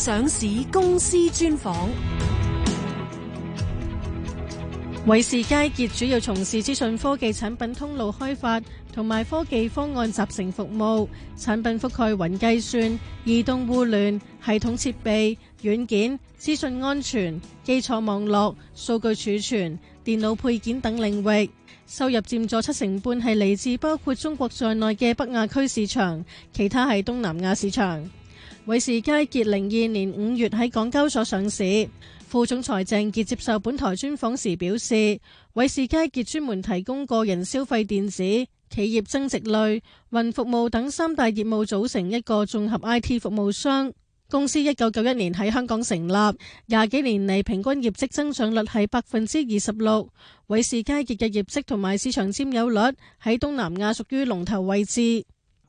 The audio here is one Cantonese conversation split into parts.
上市公司專訪，偉仕佳杰主要從事資訊科技產品通路開發同埋科技方案集成服務，產品覆蓋雲計算、移動互聯、系統設備、軟件、資訊安全、基礎網絡、數據儲存、電腦配件等領域。收入佔咗七成半係嚟自包括中國在內嘅北亞區市場，其他係東南亞市場。偉仕佳杰零二年五月喺港交所上市。副總裁鄭傑接受本台專訪時表示，偉仕佳杰專門提供個人消費電子、企業增值類、雲服務等三大業務，組成一個綜合 IT 服務商。公司一九九一年喺香港成立，廿幾年嚟，平均業績增長率係百分之二十六。偉仕佳杰嘅業績同埋市場佔有率喺東南亞屬於龍頭位置。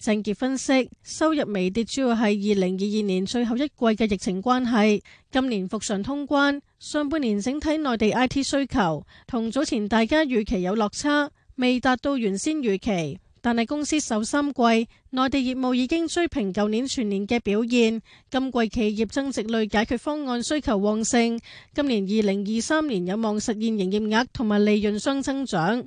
鄭傑分析，收入微跌主要係二零二二年最後一季嘅疫情關係，今年復常通關，上半年整體內地 IT 需求同早前大家預期有落差，未達到原先預期，但係公司首三季內地業務已經追平舊年全年嘅表現，今季企業增值類解決方案需求旺盛，今年二零二三年有望實現營業額同埋利潤雙增長。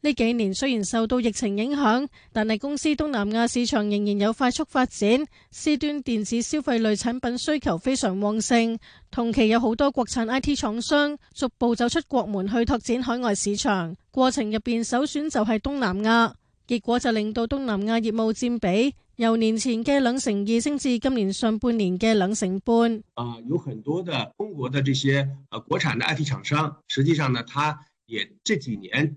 呢幾年雖然受到疫情影響，但係公司東南亞市場仍然有快速發展，C 端電子消費類產品需求非常旺盛。同期有好多國產 IT 廠商逐步走出國門去拓展海外市場，過程入邊首選就係東南亞，結果就令到東南亞業務佔比由年前嘅兩成二升至今年上半年嘅兩成半。有很多的中國的這些國產的 IT 廠商，實際上呢，他也這幾年。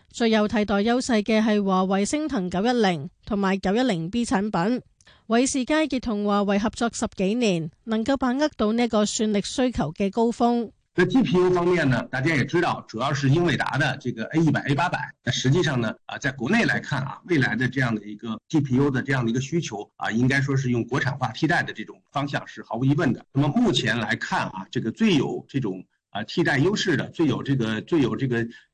最有替代優勢嘅係華為升騰九一零同埋九一零 B 產品，偉仕佳杰同華為合作十幾年，能夠把握到呢個算力需求嘅高峰。在 GPU 方面呢，大家也知道，主要是英偉達的這個 A 一百 A 八百。那實際上呢，啊，在國內來看啊，未來的這樣的一個 GPU 的這樣的一個需求啊，應該說是用國產化替代的這種方向是毫無疑問的。那麼目前來看啊，這個最有這種啊替代優勢的，最有這個最有這個。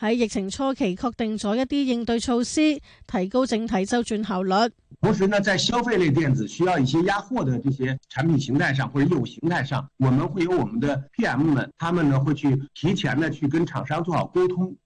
喺疫情初期，確定咗一啲應對措施，提高整體周轉效率。同時呢，在消費類電子需要一些壓貨的這些產品形態上，或者業務形態上，我們會有我們的 PM 們，他們呢會去提前呢去跟廠商做好溝通。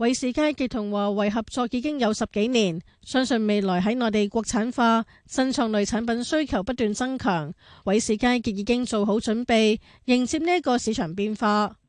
偉仕佳杰同華為合作已經有十幾年，相信未來喺內地國產化、新創類產品需求不斷增強，偉仕佳杰已經做好準備迎接呢個市場變化。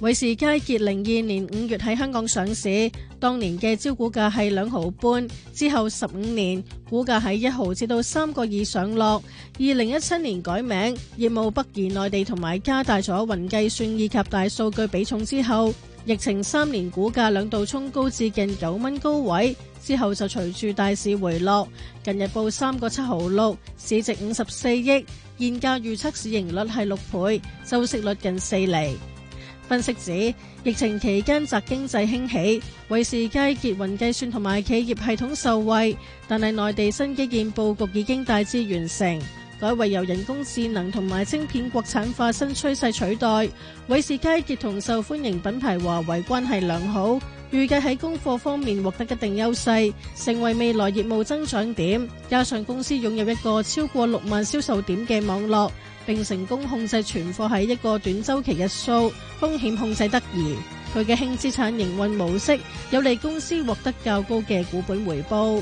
偉仕佳傑零二年五月喺香港上市，當年嘅招股價係兩毫半。之後十五年股價喺一毫至到三個二上落。二零一七年改名，業務北移內地，同埋加大咗雲計算以及大數據比重之後，疫情三年股價兩度衝高至近九蚊高位，之後就隨住大市回落。近日報三個七毫六，市值五十四億，現價預測市盈率係六倍，收息率近四厘。分析指，疫情期間宅經濟興起，偉仕佳杰雲計算同埋企業系統受惠，但係內地新基建布局已經大致完成，改為由人工智能同埋晶片國產化新趨勢取代。偉仕佳杰同受歡迎品牌華為關係良好。預計喺供貨方面獲得一定優勢，成為未來業務增長點。加上公司擁有一個超過六萬銷售點嘅網絡，並成功控制存貨喺一個短週期日數，風險控制得宜。佢嘅輕資產營運模式有利公司獲得較高嘅股本回報。